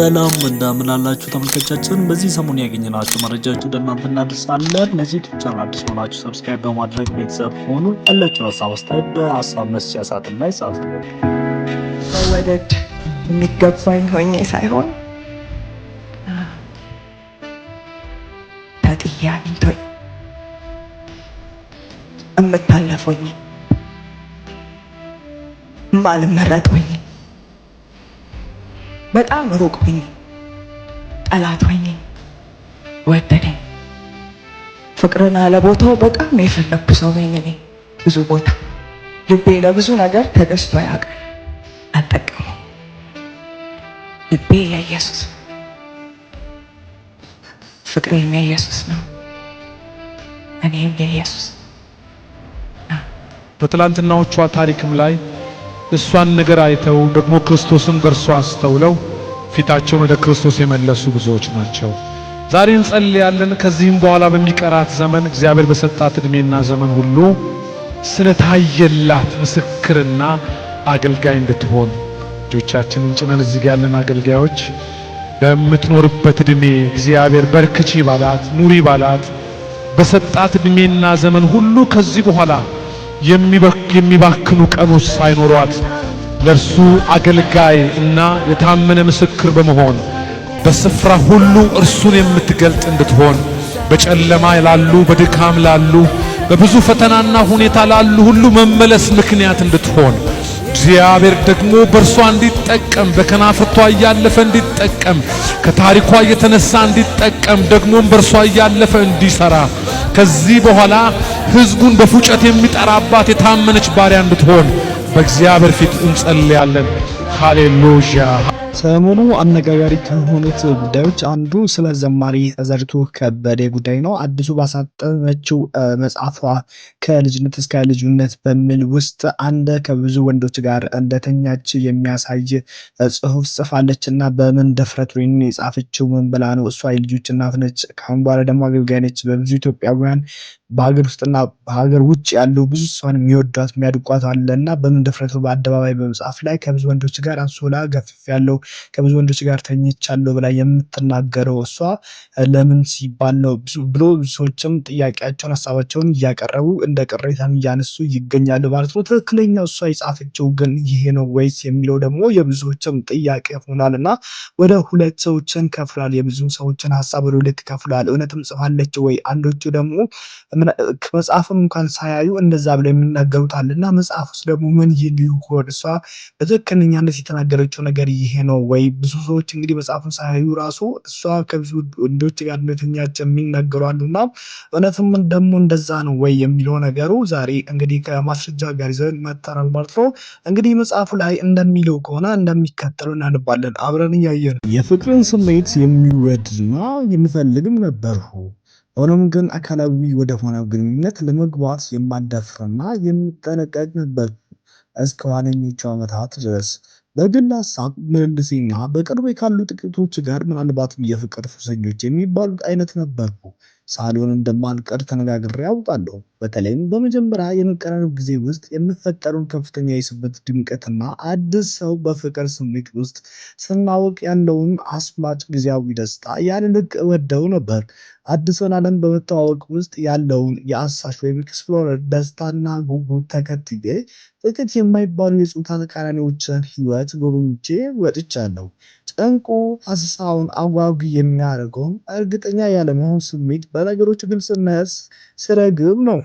ሰላም እንደምን አላችሁ ተመልካቾቻችን። በዚህ ሰሞን ያገኘናቸው መረጃዎች ወደ እናንተ እናደርሳለን። ለዚህ ዩቲዩብ ቻናል አዲስ ሆናችሁ ሰብስክራይብ በማድረግ ቤተሰብ ሆኑ። ያላችሁ ሀሳብ አስተያየት በሀሳብ መስጫ ሳጥን ላይ ጻፉ። መወደድ የሚገባኝ ሆኜ ሳይሆን ተጥያ አግኝቶኝ እምታለፎኝ ማልመረጥ ሆኜ በጣም ሩቅ ሆኜ ጠላት ሆኜ ወደደኝ። ፍቅርን አለቦታው በጣም የፈለኩ ሰው ነኝ እኔ። ብዙ ቦታ ልቤ ለብዙ ነገር ተገዝቶ ያውቃል። አጠቀሙ ልቤ የኢየሱስ ፍቅሬም የኢየሱስ ነው፣ እኔም የኢየሱስ በትላንትናዎቿ ታሪክም ላይ እሷን ነገር አይተው ደግሞ ክርስቶስን በእርሷ አስተውለው ፊታቸውን ወደ ክርስቶስ የመለሱ ብዙዎች ናቸው። ዛሬ እንጸልያለን። ከዚህም በኋላ በሚቀራት ዘመን እግዚአብሔር በሰጣት እድሜና ዘመን ሁሉ ስለታየላት ምስክርና አገልጋይ እንድትሆን ጆቻችን ጭነን እዚህ ጋር ያለን አገልጋዮች በምትኖርበት እድሜ እግዚአብሔር በርክቺ ባላት ኑሪ ባላት በሰጣት እድሜና ዘመን ሁሉ ከዚህ በኋላ የሚባክኑ ቀኖች ሳይኖሯት ለእርሱ አገልጋይ እና የታመነ ምስክር በመሆን በስፍራ ሁሉ እርሱን የምትገልጥ እንድትሆን በጨለማ ላሉ፣ በድካም ላሉ፣ በብዙ ፈተናና ሁኔታ ላሉ ሁሉ መመለስ ምክንያት እንድትሆን እግዚአብሔር ደግሞ በእርሷ እንዲጠቀም በከናፍርቷ እያለፈ እንዲጠቀም ከታሪኳ እየተነሳ እንዲጠቀም ደግሞም በእርሷ እያለፈ እንዲሰራ ከዚህ በኋላ ሕዝቡን በፉጨት የሚጠራባት የታመነች ባሪያ እንድትሆን በእግዚአብሔር ፊት እንጸልያለን። ሃሌሉያ ሰሞኑ አነጋጋሪ ከሆኑት ጉዳዮች አንዱ ስለ ዘማሪ ዘሪቱ ከበደ ጉዳይ ነው። አዲሱ ባሳተመችው መጽሐፏ ከልጅነት እስከ ልጅነት በሚል ውስጥ አንድ ከብዙ ወንዶች ጋር እንደተኛች የሚያሳይ ጽሁፍ ጽፋለች እና በምን ደፍረት ወይም የጻፈችው ምን ብላ ነው? እሷ የልጆች እናት ነች፣ ከአሁን በኋላ ደግሞ አገልጋይ ነች። በብዙ ኢትዮጵያውያን በሀገር ውስጥና በሀገር ውጭ ያሉ ብዙ ሰውን የሚወዷት የሚያድቋት እና በምን ድፍረቱ በአደባባይ በመጽሐፍ ላይ ከብዙ ወንዶች ጋር አንሶላ ገፍፍ ያለው ከብዙ ወንዶች ጋር ተኝቻለሁ ብላ የምትናገረው እሷ ለምን ሲባል ነው ብሎ ብዙ ሰዎችም ጥያቄያቸውን ሀሳባቸውን እያቀረቡ እንደ ቅሬታም እያነሱ ይገኛሉ ማለት ነው። ትክክለኛው እሷ የጻፈችው ግን ይሄ ነው ወይስ የሚለው ደግሞ የብዙዎችም ጥያቄ ሆኗል እና ወደ ሁለት ሰዎችን ከፍሏል። የብዙ ሰዎችን ሀሳብ ወደ ሁለት ከፍሏል። እውነትም ጽፋለች ወይ አንዶቹ ደግሞ መጽሐፍም እንኳን ሳያዩ እንደዛ ብለው የሚናገሩት አለና መጽሐፍ ውስጥ ደግሞ ምን ይሆን እሷ በትክክለኛነት የተናገረችው ነገር ይሄ ነው ወይ? ብዙ ሰዎች እንግዲህ መጽሐፉን ሳያዩ ራሱ እሷ ከብዙ ወንዶች ጋር እንደተኛች የሚናገሩ አሉና እውነትም ደግሞ እንደዛ ነው ወይ የሚለው ነገሩ ዛሬ እንግዲህ ከማስረጃ ጋር ይዘን መጥተናል ማለት ነው። እንግዲህ መጽሐፉ ላይ እንደሚለው ከሆነ እንደሚከተሉ እናንባለን። አብረን እያየን የፍቅርን ስሜት የሚወድና የሚፈልግም ነበርሁ ሆኖም ግን አካላዊ ወደሆነ ግንኙነት ለመግባት የማዳፍርና የምጠነቀቅበት እስከ ዋነኞቹ ዓመታት ድረስ በግል ሀሳብ ምህንድስና በቅርቤ ካሉ ጥቂቶች ጋር ምናልባት የፍቅር ፍሰኞች የሚባሉት አይነት ነበርኩ። ሳልሆን እንደማልቀር ተነጋግሬ ያውቃለሁ። በተለይም በመጀመሪያ የመቀራረብ ጊዜ ውስጥ የሚፈጠሩን ከፍተኛ የስበት ድምቀትና አዲስ ሰው በፍቅር ስሜት ውስጥ ስናውቅ ያለውን አስማጭ ጊዜያዊ ደስታ ያን ልክ እወደው ነበር። አዲሱን ዓለም በመተዋወቅ ውስጥ ያለውን የአሳሽ ወይም ኤክስፕሎረር ደስታና ጉጉት ተከትዬ ጥቂት የማይባሉ የጾታ ተቃራኒዎችን ህይወት ጎብኝቼ ወጥቻለሁ። ጭንቁ አስሳውን አጓጊ የሚያደርገውም እርግጠኛ ያለመሆን ስሜት በነገሮች ግልጽነት ስረግብ ነው።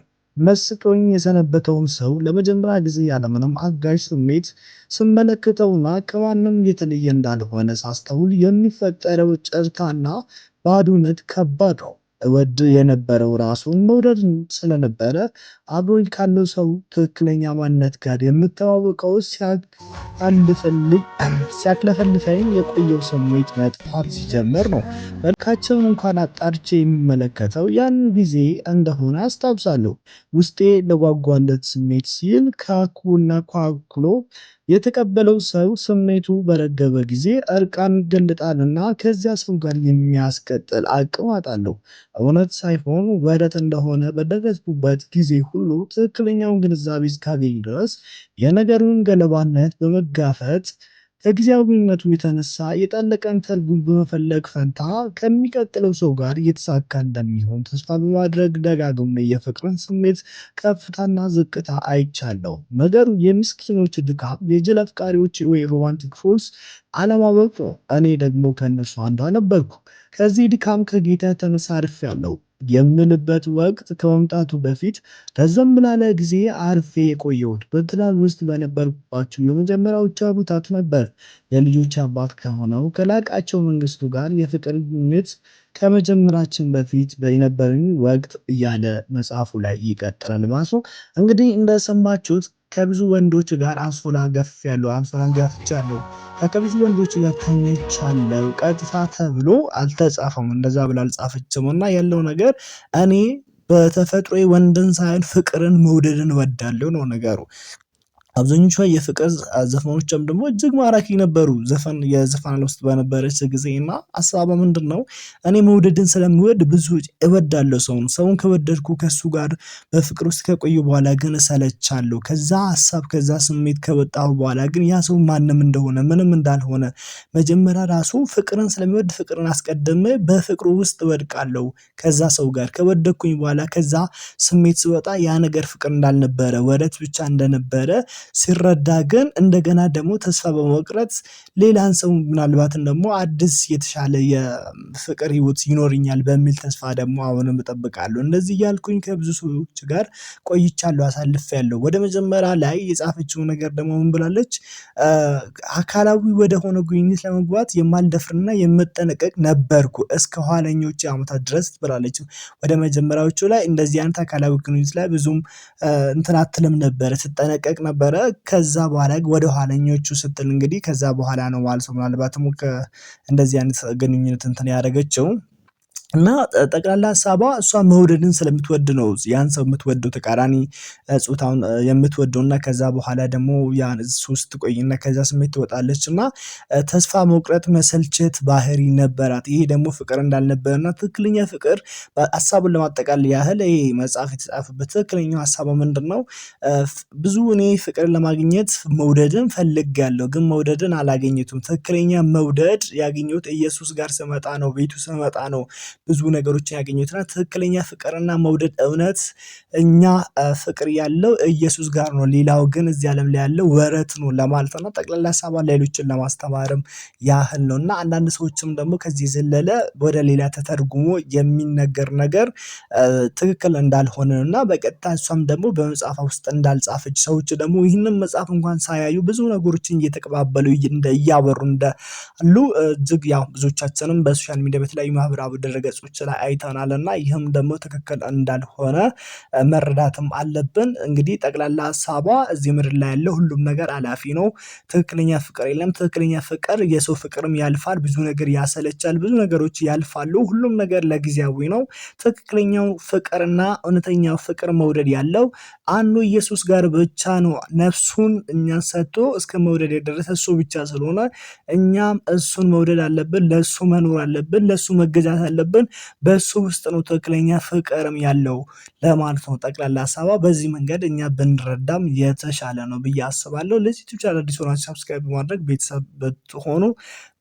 መስጦኝ የሰነበተውን ሰው ለመጀመሪያ ጊዜ ያለምንም አጋዥ ስሜት ስመለከተውና ከማንም የተለየ እንዳልሆነ ሳስተውል የሚፈጠረው ጨርታና ባዶነት ከባድ ነው። እወድ የነበረው ራሱን መውደድ ስለነበረ አብሮኝ ካለው ሰው ትክክለኛ ማንነት ጋር የምተዋወቀው ሲያክለፈልፈኝ የቆየው ስሜት መጥፋት ሲጀምር ነው። መልካቸውን እንኳን አጣርቼ የሚመለከተው ያን ጊዜ እንደሆነ አስታውሳለሁ። ውስጤ ለጓጓለት ስሜት ሲል ካኩና ኳኩሎ የተቀበለው ሰው ስሜቱ በረገበ ጊዜ እርቃን ይገልጣልና ከዚያ ሰው ጋር የሚያስቀጥል አቅም አለው። እውነት ሳይሆን ውህደት እንደሆነ በደረስኩበት ጊዜ ሁሉ ትክክለኛውን ግንዛቤ እስካገኝ ድረስ የነገሩን ገለባነት በመጋፈጥ ከጊዜያዊነቱ የተነሳ የጠለቀን ተልጉን በመፈለግ ፈንታ ከሚቀጥለው ሰው ጋር እየተሳካ እንደሚሆን ተስፋ በማድረግ ደጋግሜ የፍቅርን ስሜት ከፍታና ዝቅታ አይቻለሁ። ነገሩ የምስኪኖች ድካም፣ የጅል አፍቃሪዎች ወይ ሮማንቲክ ፎርስ አለማወቅ ነው። እኔ ደግሞ ከእነሱ አንዷ ነበርኩ። ከዚህ ድካም ከጌታ ተመሳርፍ ያለው የምልበት ወቅት ከመምጣቱ በፊት ረዘም ላለ ጊዜ አርፌ የቆየሁት በትዳር ውስጥ በነበርኩባቸው የመጀመሪያዎቹ ዓመታት ነበር። የልጆች አባት ከሆነው ከላቃቸው መንግስቱ ጋር የፍቅር ግንኙነት ከመጀመራችን በፊት የነበረኝ ወቅት እያለ መጽሐፉ ላይ ይቀጥላል ማለት እንግዲህ እንደሰማችሁት ከብዙ ወንዶች ጋር አንሶላ ገፍ ያለው አንሶላ ገፍቻለሁ፣ ከብዙ ወንዶች ጋር ተኝቻለሁ። ቀጥታ ተብሎ አልተጻፈም፣ እንደዛ ብላ አልጻፈችም። እና ያለው ነገር እኔ በተፈጥሮ ወንድን ሳይሆን ፍቅርን መውደድን እወዳለሁ ነው ነገሩ። አብዛኞቹ የፍቅር ዘፈኖችም ደግሞ እጅግ ማራኪ ነበሩ። ዘፈን የዘፈን ዓለም በነበረች ጊዜ እና ሀሳቧ ምንድን ነው? እኔ መውደድን ስለምወድ ብዙ እወዳለሁ ሰውን ሰውን ከወደድኩ ከእሱ ጋር በፍቅር ውስጥ ከቆዩ በኋላ ግን እሰለቻለሁ። ከዛ ሀሳብ ከዛ ስሜት ከወጣሁ በኋላ ግን ያ ሰው ማንም እንደሆነ ምንም እንዳልሆነ መጀመሪያ ራሱ ፍቅርን ስለሚወድ ፍቅርን አስቀድም በፍቅሩ ውስጥ እወድቃለሁ። ከዛ ሰው ጋር ከወደድኩኝ በኋላ ከዛ ስሜት ስወጣ ያ ነገር ፍቅር እንዳልነበረ ወረት ብቻ እንደነበረ ሲረዳ ግን እንደገና ደግሞ ተስፋ በመቅረት ሌላን ሰው ምናልባትም ደግሞ አዲስ የተሻለ የፍቅር ህይወት ይኖርኛል በሚል ተስፋ ደግሞ አሁንም እጠብቃለሁ እንደዚህ እያልኩኝ ከብዙ ሰዎች ጋር ቆይቻለሁ ያለው ወደ መጀመሪያ ላይ የጻፈችው ነገር ደግሞ ምን ብላለች? አካላዊ ወደሆነ ግንኙነት ለመግባት የማልደፍርና የመጠነቀቅ ነበርኩ እስከ ኋለኞቹ አመታት ድረስ ብላለች። ወደ መጀመሪያዎቹ ላይ እንደዚህ አይነት አካላዊ ግንኙነት ላይ ብዙም እንትን አትልም ነበረ ስትጠነቀቅ ነበረ ነበረ። ከዛ በኋላ ወደ ኋለኞቹ ስትል እንግዲህ ከዛ በኋላ ነው ማለት ነው ምናልባትም እንደዚህ አይነት ግንኙነት እንትን ያደረገችው እና ጠቅላላ ሀሳቧ እሷ መውደድን ስለምትወድ ነው ያን ሰው የምትወደው ተቃራኒ ጾታውን የምትወደው እና ከዛ በኋላ ደግሞ ያን ሶስት ትቆይና ከዛ ስሜት ትወጣለች እና ተስፋ መቁረጥ መሰልቸት ባህሪ ነበራት። ይሄ ደግሞ ፍቅር እና ትክክለኛ ፍቅር ሀሳቡን ለማጠቃለል ያህል ይሄ መጽሐፍ የተጻፈበት ትክክለኛው ሀሳቡ ነው? ብዙ እኔ ፍቅር ለማግኘት መውደድን ያለው ግን መውደድን አላገኘቱም ትክክለኛ መውደድ ያገኘሁት ኢየሱስ ጋር ስመጣ ነው ቤቱ ስመጣ ነው ብዙ ነገሮችን ያገኙትና ትክክለኛ ፍቅርና መውደድ እውነት እኛ ፍቅር ያለው ኢየሱስ ጋር ነው። ሌላው ግን እዚህ ዓለም ላይ ያለው ወረት ነው ለማለት ነው። ጠቅላላ ሀሳብ ሌሎችን ለማስተማርም ያህል ነው እና አንዳንድ ሰዎችም ደግሞ ከዚህ ዘለለ ወደ ሌላ ተተርጉሞ የሚነገር ነገር ትክክል እንዳልሆነ ነው እና በቀጥታ እሷም ደግሞ በመጽሐፏ ውስጥ እንዳልጻፈች ሰዎች ደግሞ ይህንን መጽሐፍ እንኳን ሳያዩ ብዙ ነገሮችን እየተቀባበሉ እያበሩ እንዳሉ እጅግ ያው ብዙዎቻችንም በሶሻል ሚዲያ በተለያዩ ማህበራዊ ደረገ ገጾች ላይ አይተናል እና ይህም ደግሞ ትክክል እንዳልሆነ መረዳትም አለብን። እንግዲህ ጠቅላላ ሀሳቧ እዚህ ምድር ላይ ያለ ሁሉም ነገር አላፊ ነው። ትክክለኛ ፍቅር የለም። ትክክለኛ ፍቅር የሰው ፍቅርም ያልፋል፣ ብዙ ነገር ያሰለቻል፣ ብዙ ነገሮች ያልፋሉ። ሁሉም ነገር ለጊዜያዊ ነው። ትክክለኛው ፍቅርና እውነተኛው ፍቅር መውደድ ያለው አንዱ ኢየሱስ ጋር ብቻ ነው። ነፍሱን እኛን ሰጥቶ እስከ መውደድ የደረሰ እሱ ብቻ ስለሆነ እኛም እሱን መውደድ አለብን። ለእሱ መኖር አለብን። ለእሱ መገዛት አለብን። ግን በሱ ውስጥ ነው ትክክለኛ ፍቅርም ያለው ለማለት ነው ጠቅላላ ሀሳባ። በዚህ መንገድ እኛ ብንረዳም የተሻለ ነው ብዬ አስባለሁ። ለዚህ ቱቻ ቻናል አዲስ ሆናችሁ ሰብስክራይብ በማድረግ ቤተሰብ ብትሆኑ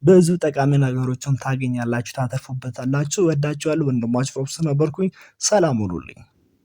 ብዙ ጠቃሚ ነገሮችን ታገኛላችሁ፣ ታተርፉበታላችሁ። ወዳችኋለሁ። ወንድማችሁ ፕሮፌሰር ነበርኩኝ። ሰላም ሁኑልኝ።